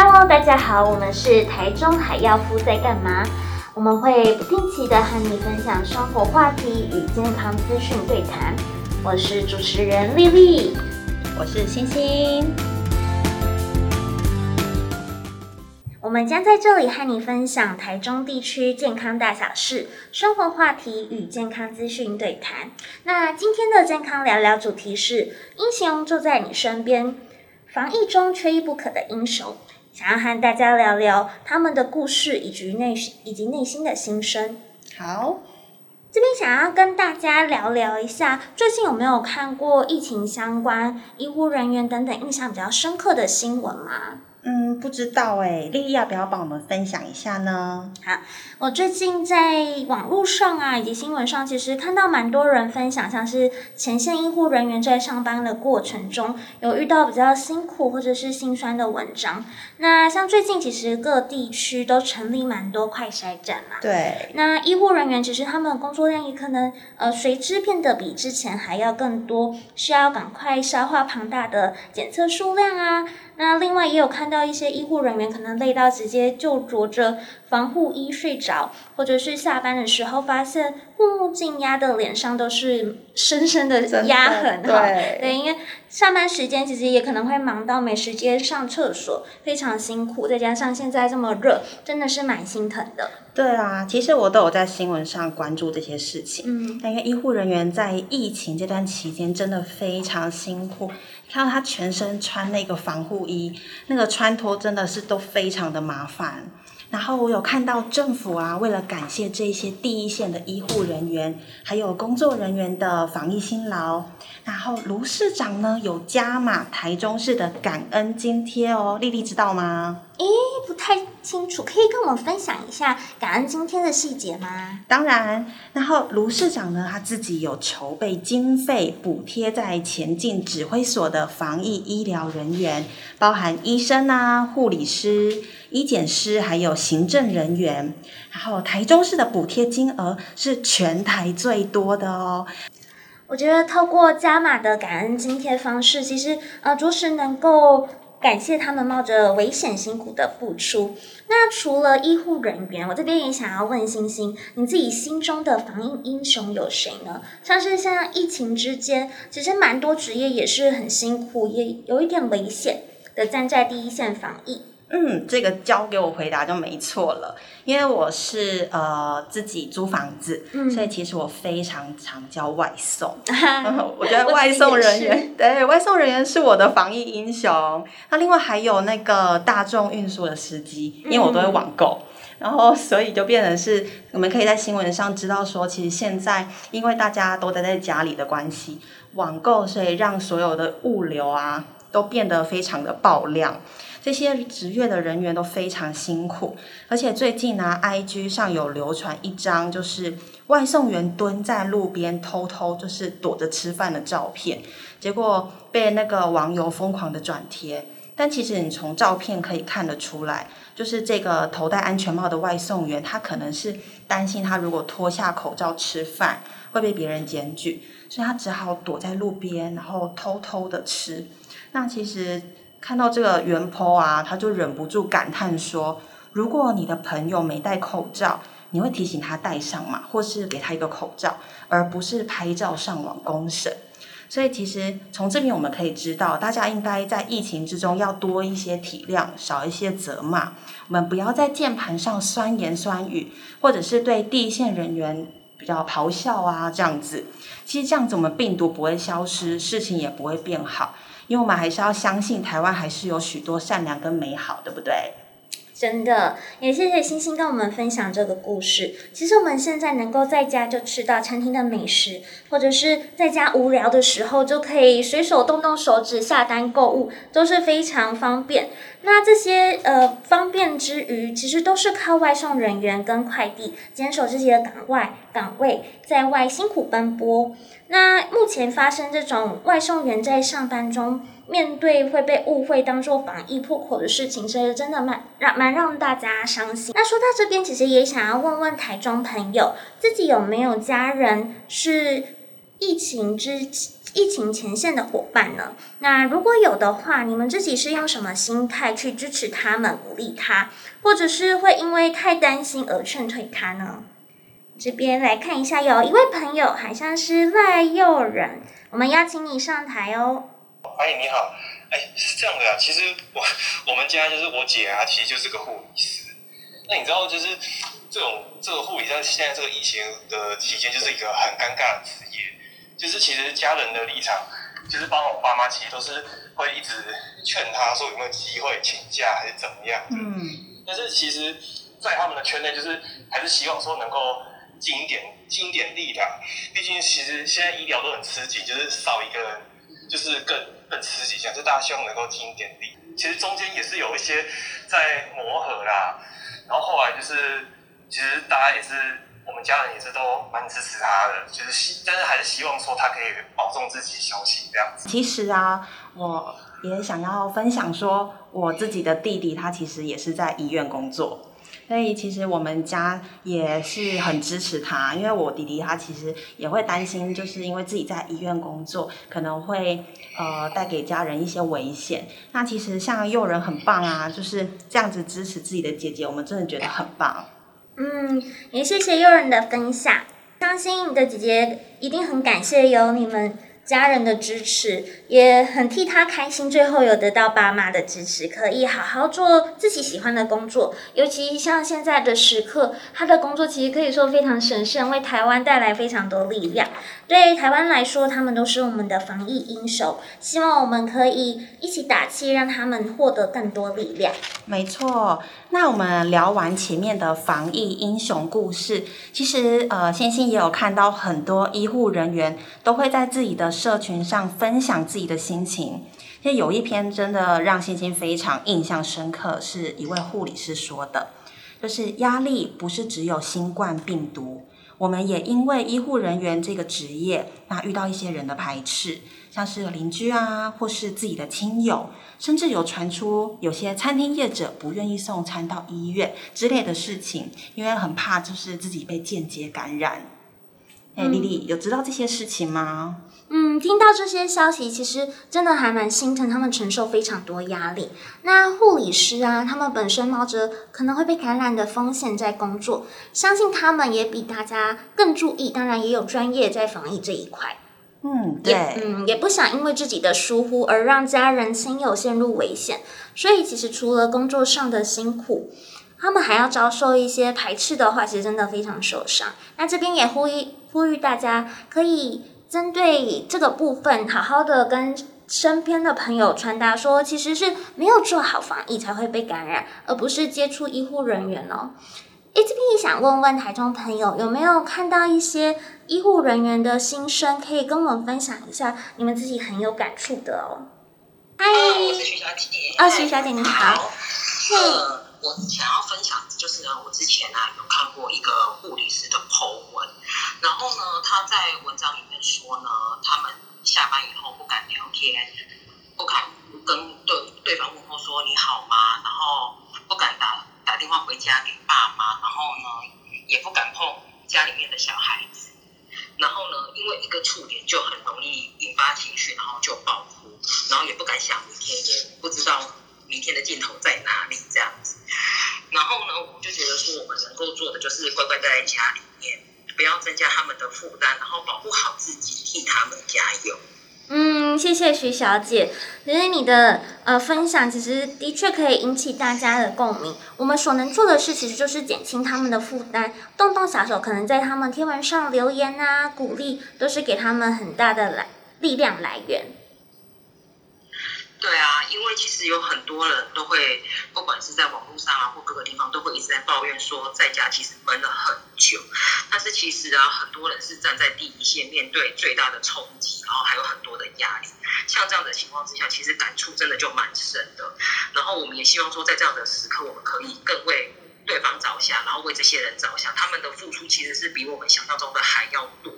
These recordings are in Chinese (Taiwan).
Hello，大家好，我們是台中海藥夫在幹嘛？我們會不定期的和你分享生活話題與健康資訊對談。我是主持人麗麗，我是欣欣。我們將在這裡和你分享台中地區健康大小事、生活話題與健康資訊對談。那今天的健康聊聊主題是英雄就在你身邊，防疫中缺一不可的英雄。想要和大家聊聊他們的故事以及內，以及內心的心聲。好，這邊想要跟大家聊聊一下，最近有沒有看過疫情相關、醫護人員等等印象比較深刻的新聞嗎？嗯，不知道哎、欸，麗麗要不要幫我們分享一下呢？好，我最近在網絡上啊，以及新聞上，其實看到蠻多人分享，像是前線醫護人員在上班的過程中，有遇到比較辛苦或者是心酸的文章。那像最近其實各地區都成立蠻多快篩站嘛，對。那醫護人員其實他們的工作量也可能呃隨之變得比之前還要更多，需要趕快消化龐大的檢測數量啊。那也有看到一些醫護人員可能累到直接就着着防護衣睡着，或者是下班的時候發現護目鏡壓的臉上都是深深的壓痕。的，對對，因為上班時間其實也可能會忙到沒時間上廁所，非常辛苦。再加上現在這麼熱，真的是蠻心疼的。對啊，其實我都有在新聞上關注這些事情。嗯，但因為醫護人員在疫情這段期間真的非常辛苦。看到他全身穿那個防護衣，那個穿脫真的是都非常的麻煩。然後我有看到政府啊，為了感謝這些第一線的醫護人員還有工作人員的防疫辛勞，然後盧市長呢有加碼台中市的感恩津貼哦，莉莉知道嗎？誒，不太清楚，可以跟我們分享一下感恩津貼的細節嗎？當然，然後盧市長呢他自己有籌備經費補貼在前進指揮所的防疫醫療人員，包含醫生啊、護理師。醫檢師還有行政人員，然後台中市的補貼金額是全台最多的哦。我覺得透過加碼的感恩津貼方式，其實呃，着實能夠感謝他們冒着危險辛苦的付出。那除了醫護人員，我這邊也想要問星星，你自己心中的防疫英雄有誰呢？像是像疫情之間，其實蠻多職業也是很辛苦，也有一點危險的，站在第一線防疫。嗯，這個交給我回答就沒錯了，因為我是呃自己租房子，嗯，所以其實我非常常叫外送、嗯嗯。我覺得外送人員對，外送人員是我的防疫英雄。那另外還有那個大眾運輸的司機，因為我都會網購，嗯，然後所以就變成是，我們可以在新聞上知道說，其實現在因為大家都待在家裡的關係，網購，所以讓所有的物流啊。都變得非常的爆量，這些職業的人員都非常辛苦，而且最近呢，啊，IG 上有流傳一張就是外送員蹲在路邊偷偷就是躲着吃飯的照片，結果被那個網友瘋狂的轉貼。但其實你從照片可以看得出來，就是這個頭戴安全帽的外送員，他可能是擔心他如果脫下口罩吃飯會被別人檢舉，所以他只好躲在路邊，然後偷偷的吃。那其實看到這個原 PO 啊，他就忍不住感嘆說：“如果你的朋友沒戴口罩，你會提醒他戴上嗎？或是給他一個口罩，而不是拍照上網公審。”所以，其實從這邊我們可以知道，大家應該在疫情之中要多一些體諒，少一些責罵。我們不要在鍵盤上酸言酸語，或者是對第一線人員比較咆哮啊這樣子。其實這樣子，我們病毒不會消失，事情也不會變好。因為我們還是要相信台灣還是有許多善良跟美好，對不對？真的，也謝謝星星跟我們分享這個故事。其實我們現在能夠在家就吃到餐廳的美食，或者是在家無聊的時候就可以隨手動動手指下單購物，都是非常方便。那這些呃方便之餘，其實都是靠外送人員跟快遞堅守自己的崗外崗位，在外辛苦奔波。那目前發生這種外送員在上班中面對會被誤會當做防疫破口的事情，其實真的蠻讓蠻讓大家傷心。那說到這邊，其實也想要問問台中朋友，自己有沒有家人是？疫情之，疫情前線的夥伴呢？那如果有的話，你們自己是用什麼心態去支持他們、鼓勵他，或者是會因為太擔心而勸退他呢？這邊來看一下，有一位朋友好像是外誘人，我們邀請你上台哦。阿姨你好，哎，是這樣的啊，其實我我們家就是我姐啊，其實就是個護理師。那你知道，就是這種這個護理在現在這個疫情的期間，就是一個很尷尬的職業。就是其實家人的立場，就是包括我爸媽，其實都是會一直勸他說有沒有機會請假還是怎麼樣的。嗯，但是其實，在他們的圈內，就是還是希望說能夠盡一點盡一點力的。畢竟其實現在醫療都很吃緊，就是少一個人就是更更吃緊一些，就大家希望能夠盡一點力。其實中間也是有一些在磨合啦，然後後來就是其實大家也是。我們家人也是都蠻支持他的，就是希但是還是希望說他可以保重自己，小心這樣子。其實啊，我也想要分享說，我自己的弟弟他其實也是在醫院工作，所以其實我們家也是很支持他，因為我弟弟他其實也會擔心，就是因為自己在醫院工作，可能會呃帶給家人一些危險。那其實像友人很棒啊，就是這樣子支持自己的姐姐，我們真的覺得很棒。嗯，也謝謝友人的分享。相信你的姐姐一定很感謝有你們家人的支持，也很替她開心。最後有得到爸媽的支持，可以好好做自己喜歡的工作。尤其像現在的時刻，她的工作其實可以說非常神聖，為台灣帶來非常多力量。對台灣來說，他們都是我們的防疫英雄。希望我們可以一起打氣，讓他們獲得更多力量。沒錯。那我們聊完前面的防疫英雄故事，其實呃、星星也有看到很多醫護人員都會在自己的社群上分享自己的心情。其實有一篇真的讓星星非常印象深刻，是一位護理師說的，就是壓力不是只有新冠病毒，我們也因為醫護人員這個職業，那遇到一些人的排斥。像是鄰居啊，或是自己的親友，甚至有傳出有些餐廳業者不願意送餐到醫院之類的事情，因為很怕就是自己被間接感染。哎、欸，麗、嗯、麗有知道這些事情嗎？嗯，聽到這些消息，其實真的還蠻心疼他們承受非常多壓力。那護理師啊，他們本身冒着可能會被感染的風險在工作，相信他們也比大家更注意。當然，也有專業在防疫這一塊。嗯，對，嗯，也不想因為自己的疏忽而讓家人、親友陷入危險，所以其實除了工作上的辛苦，他們還要遭受一些排斥的話，其實真的非常受傷。那這邊也呼籲呼籲大家，可以針對這個部分，好好的跟身邊的朋友傳達說，其實是沒有做好防疫才會被感染，而不是接觸醫護人員哦。A P 想問問台中朋友有沒有看到一些醫護人員的心聲，可以跟我們分享一下你們自己很有感觸的哦？嗨、嗯，我是徐小姐。哦，徐小姐，姐你好，你好嗯。嗯，我想要分享，就是呢，我之前呢、啊、有看過一個護理師的 Po 文，然後呢他在文章裡面說呢，他們下班以後不敢聊天，不敢跟對對方問候說你好嗎，然後不敢打家給爸媽，然後呢也不敢碰家裡面的小孩子，然後呢因為一個觸點就很容易引發情緒，然後就爆哭，然後也不敢想明天，也不知道明天的盡頭在哪裡這樣子，然後呢我就覺得說我們能夠做的就是乖乖待在家裡面，不要增加他們的負擔，然後保護好自己，替他們加油。嗯，謝謝徐小姐。因為你的呃分享，其實的確可以引起大家的共鳴。我們所能做的事，其實就是減輕他們的負擔。動動小手，可能在他們貼文上留言啊，鼓勵，都是給他們很大的來力量來源。因為其實有很多人都會，不管是在網絡上啊，或各個地方，都會一直在抱怨說，在家其實悶了很久。但是其實啊，很多人是站在第一線，面對最大的衝擊，然後還有很多的壓力。像這樣的情況之下，其實感觸真的就蠻深的。然後我們也希望說，在這樣的時刻，我們可以更為對方着想，然後為這些人着想，他們的付出其實是比我們想象中的還要多。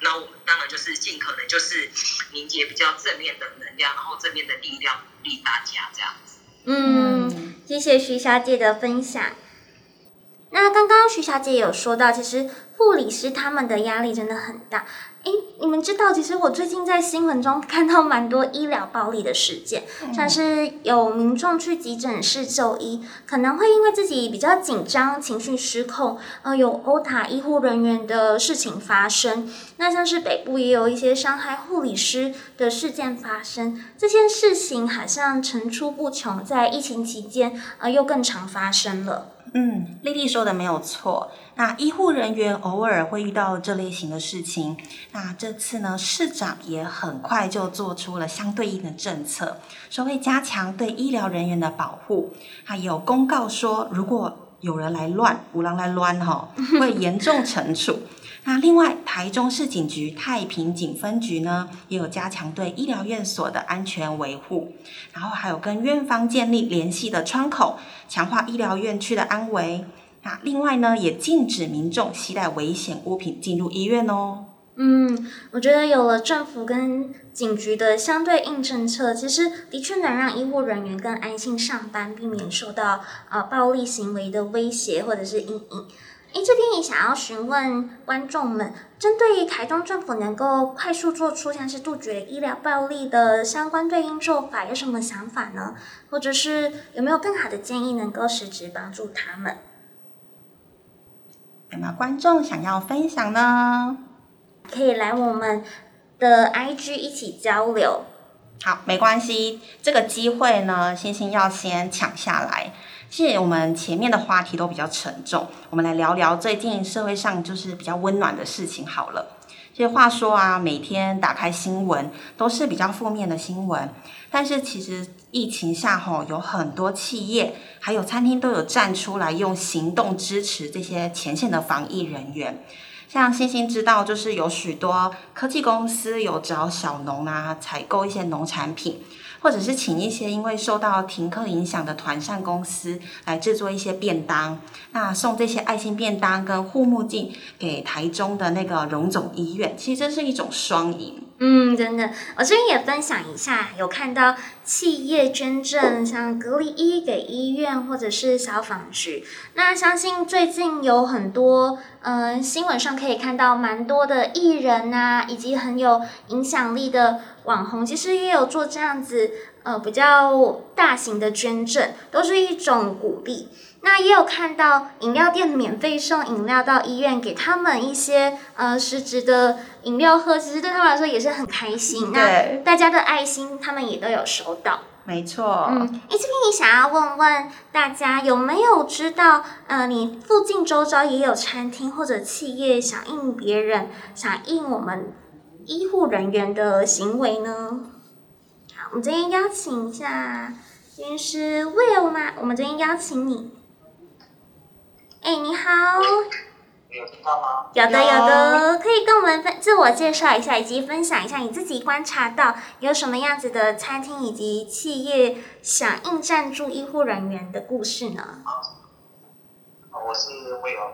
那我們當然就是盡可能就是凝結比較正面的能量，然後正面的力量鼓勵大家這樣子嗯。嗯，謝謝徐小姐的分享。那剛剛徐小姐有說到，其實。護理師他們的壓力真的很大，哎、欸，你們知道，其實我最近在新聞中看到蠻多醫療暴力的事件，像是有民眾去急診室就醫，可能會因為自己比較緊張，情緒失控，呃，有毆打醫護人員的事情發生。那像是北部也有一些傷害護理師的事件發生，這些事情好像層出不窮，在疫情期間，呃，又更常發生了。嗯，麗麗說的沒有錯。那醫護人員偶爾會遇到這類型的事情。那這次呢，市長也很快就做出了相對應的政策，說會加強對醫療人員的保護。還有公告說，如果有人來亂，無人來亂哈、哦，會嚴重懲處。 那另外，台中市警局太平警分局呢，也有加強對醫療院所的安全維護，然後還有跟院方建立聯繫的窗口，強化醫療院區的安危，那另外呢，也禁止民眾攜帶危險物品進入醫院哦。嗯，我覺得有了政府跟警局的相對應政策，其實的確能讓醫護人員更安心上班，避免受到呃暴力行為的威脅或者是陰影。哎，這邊也想要詢問觀眾們，針對台中政府能夠快速做出像是杜絕醫療暴力的相關對應做法，有什麼想法呢？或者是有沒有更好的建議能夠實質幫助他們？有沒有觀眾想要分享呢？可以來我們的 IG 一起交流。好，沒關係，這個機會呢，星星要先搶下來。其實我們前面的話題都比較沉重，我們來聊聊最近社會上就是比較溫暖的事情好了。這些話說啊，每天打開新聞都是比較負面的新聞，但是其實疫情下吼、哦，有很多企業還有餐廳都有站出來用行動支持這些前線的防疫人員。像星星知道，就是有許多科技公司有找小農啊，採購一些農產品，或者是請一些因為受到停課影響的團膳公司來制作一些便當，那送這些愛心便當跟護目鏡給台中的那個榮總醫院，其實這是一種雙贏。嗯，等等，我這邊也分享一下，有看到企業捐贈，像隔離衣，給醫院或者是消防局。那相信最近有很多，嗯、呃，新聞上可以看到蠻多的藝人吶、啊，以及很有影響力的網紅，其實也有做這樣子。呃，比較大型的捐贈都是一種鼓勵。那也有看到飲料店免費送飲料到醫院，給他們一些呃，實質的飲料喝，其實對他們來說也是很開心。那大家的愛心，他們也都有收到。沒錯。嗯，而這邊你想要問問大家，有沒有知道呃，你附近周遭也有餐廳或者企業響應別人響應我們醫護人員的行為呢？我們今天邀請一下，今天是 Will 嗎？我們今天邀請你。哎、欸，你好。有聽到嗎？有的，有的，可以跟我們分自我介紹一下，以及分享一下你自己觀察到有什麼樣子的餐廳以及企業響應贊助醫護人員的故事呢？啊，我是 Will。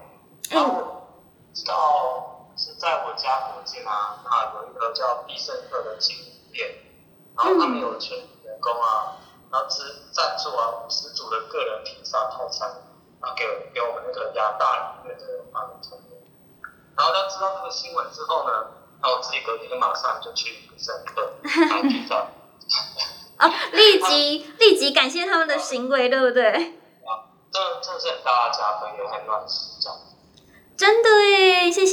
哎、嗯、啊、我知道是在我家附近啊，它有一個叫必勝客的金店。然後他們有全體員工啊，然後支贊助啊，五十組的個人披薩套餐，然後給我給我們那個壓大音樂的人發的鈔票。然後他知道這個新聞之後呢，然後自己隔天馬上就去上課，然後去找。啊、 哦、立即立即感謝他們的行為， 對不對？啊，這個、這個、是很大家很有愛心，這樣。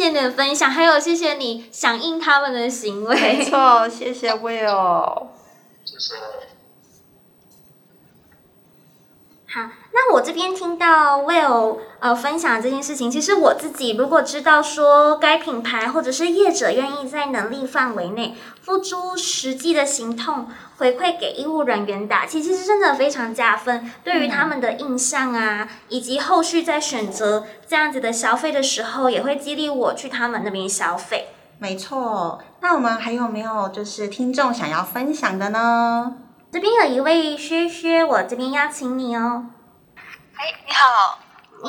謝謝你的分享，還有謝謝你響應他們的行為。沒錯，謝謝 Will。那我這邊聽到 Will 呃，分享的這件事情，其實我自己如果知道說，該品牌或者是業者願意在能力範圍內付諸實際的行動，回饋給醫務人員打氣，其實真的非常加分，對於他們的印象啊，以及後續在選擇這樣子的消費的時候，也會激勵我去他們那邊消費。沒錯，那我們還有沒有就是聽眾想要分享的呢？這邊有一位薛薛，我這邊邀請你哦。哎、hey,，你好，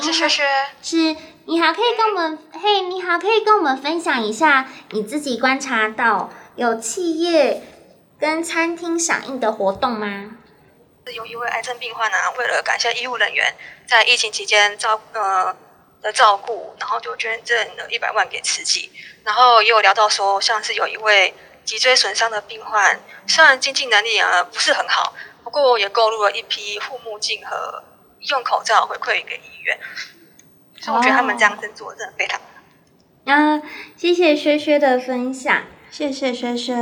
是是是，是，你好，可以跟我們，嘿、hey,，你好，可以跟我們分享一下你自己觀察到有企業跟餐廳響應的活動嗎？是有，一位癌症病患呢、啊，為了感謝醫護人員在疫情期間照呃的照顧，然後就捐贈了一百萬給慈濟。然後也有聊到說，像是有一位脊椎損傷的病患，雖然經濟能力啊不是很好，不過也購入了一批護目鏡和。用口罩回饋給醫院，oh. 所以我覺得他們這樣做真做的非常棒！那、uh, 謝謝薛薛的分享，謝謝薛薛。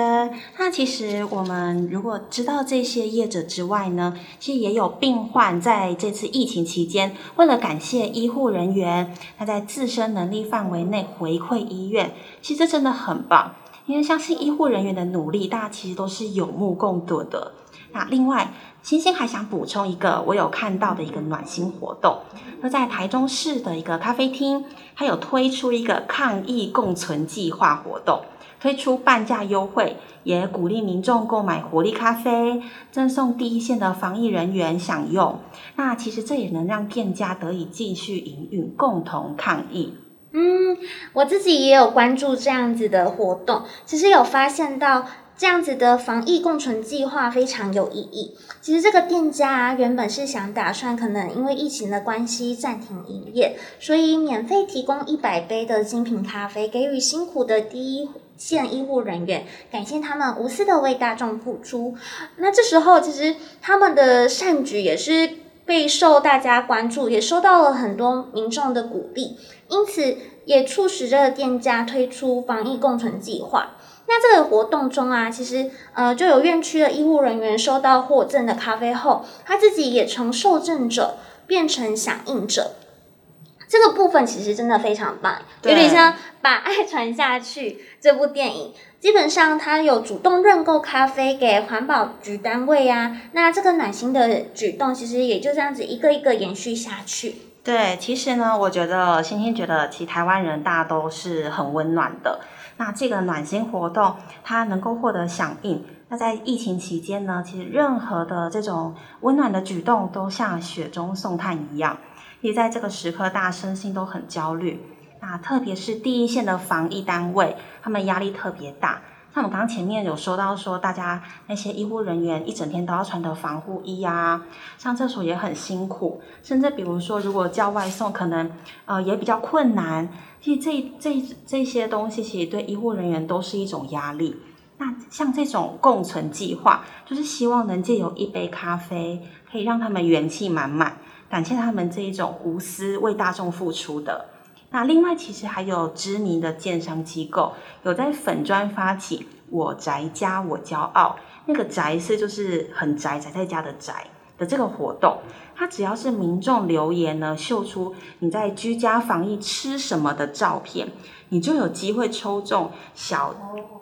那其實我們如果知道這些業者之外呢，其實也有病患在這次疫情期間，為了感謝醫護人員，他在自身能力範圍內回饋醫院，其實這真的很棒。因為相信醫護人員的努力，大家其實都是有目共睹的。那另外，欣欣還想補充一個，我有看到的一個暖心活動。那在台中市的一個咖啡廳，它有推出一個“抗疫共存計劃”活動，推出半價優惠，也鼓勵民眾購買活力咖啡，贈送第一線的防疫人員享用。那其實這也能讓店家得以繼續營運，共同抗疫。嗯，我自己也有關注這樣子的活動，其實有發現到。這樣子的防疫共存計劃非常有意義。其實這個店家原本是想打算，可能因為疫情的關係暫停營業，所以免費提供一百杯的精品咖啡，給予辛苦的第一線醫護人員，感謝他們無私的為大眾付出。那這時候其實他們的善舉也是備受大家關注，也收到了很多民眾的鼓勵，因此也促使這個店家推出防疫共存計劃。那這個活動中啊，其實呃，就有院區的醫務人員收到獲贈的咖啡後，他自己也從受贈者變成響應者。這個部分其實真的非常棒，有點像《把愛傳下去》這部電影。基本上他有主動認購咖啡給環保局單位啊，那這個暖心的舉動其實也就這樣子一個一個延續下去。對，其實呢，我覺得欣欣覺得，其實台灣人大都是很溫暖的。那這個暖心活動，它能夠獲得響應。那在疫情期間呢，其實任何的這種溫暖的舉動，都像雪中送炭一樣。也在這個時刻，大家身心都很焦慮。啊，特別是第一線的防疫單位，他們壓力特別大。那我們剛剛前面有說到，說大家那些醫護人員一整天都要穿的防護衣啊，上廁所也很辛苦，甚至比如說如果叫外送，可能呃也比較困難。其實這這這些東西，其實對醫護人員都是一種壓力。那像這種共存計劃，就是希望能借由一杯咖啡，可以讓他們元氣滿滿，感謝他們這一種無私為大眾付出的。那另外其實還有知名的建商機構，有在粉專發起“我宅家我驕傲”那個“宅”是就是很宅宅在家的“宅”的這個活動，它，只要是民眾留言呢，秀出你在居家防疫吃什麼的照片，你就有機會抽中小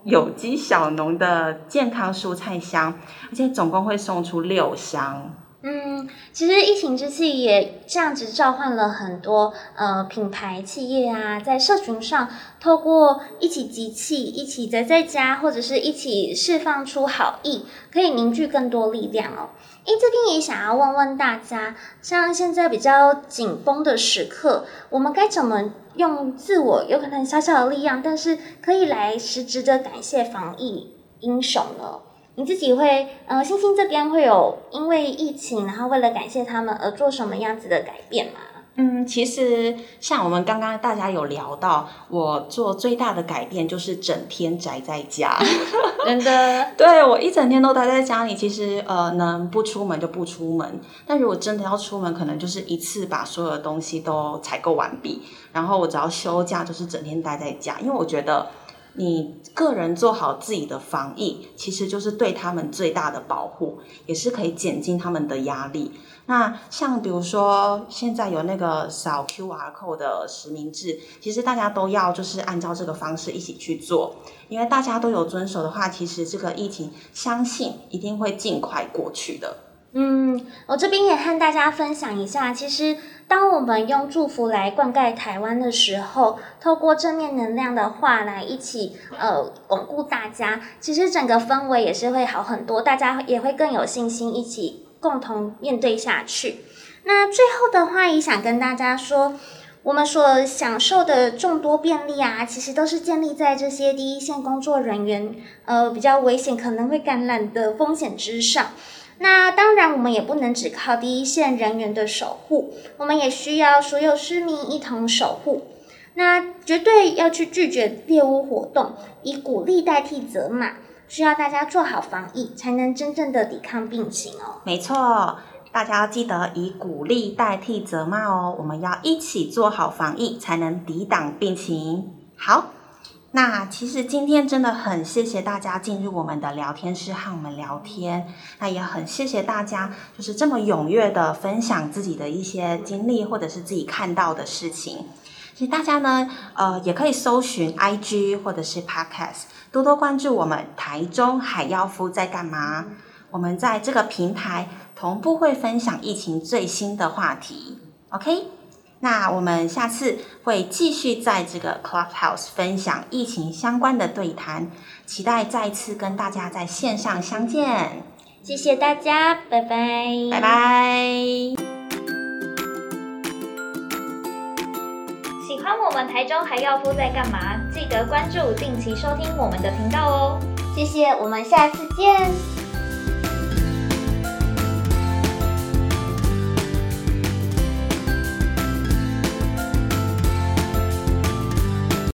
有機小農的健康蔬菜箱，而且總共會送出六箱。嗯，其實疫情之際也這樣子召喚了很多呃品牌企業啊，在社群上透過一起集氣，一起宅在在家，或者是一起釋放出好意，可以凝聚更多力量哦。哎，這邊也想要問問大家，像現在比較緊繃的時刻，我們該怎麼用自我有可能小小的力量，但是可以來實質的感謝防疫英雄呢？你自己會呃，星星這邊會有因為疫情，然後為了感謝他們而做什麼樣子的改變嗎？嗯，其實像我們剛剛大家有聊到，我做最大的改變就是整天宅在家， 真的？ 對，我一整天都待在家裡，其實呃，能不出門就不出門。但如果真的要出門，可能就是一次把所有的東西都採購完畢，然後我只要休假就是整天待在家，因為我覺得。你個人做好自己的防疫，其實就是對他們最大的保護，也是可以減輕他們的壓力。那像比如說，現在有那個掃 QR code 的實名制，其實大家都要就是按照這個方式一起去做，因為大家都有遵守的話，其實這個疫情相信一定會盡快過去的。嗯，我這邊也和大家分享一下。其實，當我們用祝福來灌溉台灣的時候，透過正面能量的話來一起呃鞏固大家，其實整個氛圍也是會好很多，大家也會更有信心，一起共同面對下去。那最後的話，也想跟大家說，我們所享受的眾多便利啊，其實都是建立在這些第一線工作人員呃比較危險可能會感染的風險之上。那當然，我們也不能只靠第一線人員的守護，我們也需要所有市民一同守護。那絕對要去拒絕獵巫活動，以鼓勵代替責罵。需要大家做好防疫，才能真正的抵抗病情哦。沒錯，大家要記得以鼓勵代替責罵哦。我們要一起做好防疫，才能抵擋病情。好。那其實今天真的很謝謝大家進入我們的聊天室和我們聊天，那也很謝謝大家就是這麼踴躍的分享自己的一些經歷或者是自己看到的事情。其實大家呢，呃，也可以搜尋 IG 或者是 Podcast，多多關注我們台中海妖夫在幹嘛。我們在這個平台同步會分享疫情最新的話題，OK？那我們下次會繼續在這個 Clubhouse 分享疫情相關的對談，期待再次跟大家在線上相見。謝謝大家，拜拜，拜拜。喜歡我們台中還要多在幹嘛？記得關注，定期收聽我們的頻道哦。謝謝，我們下次見。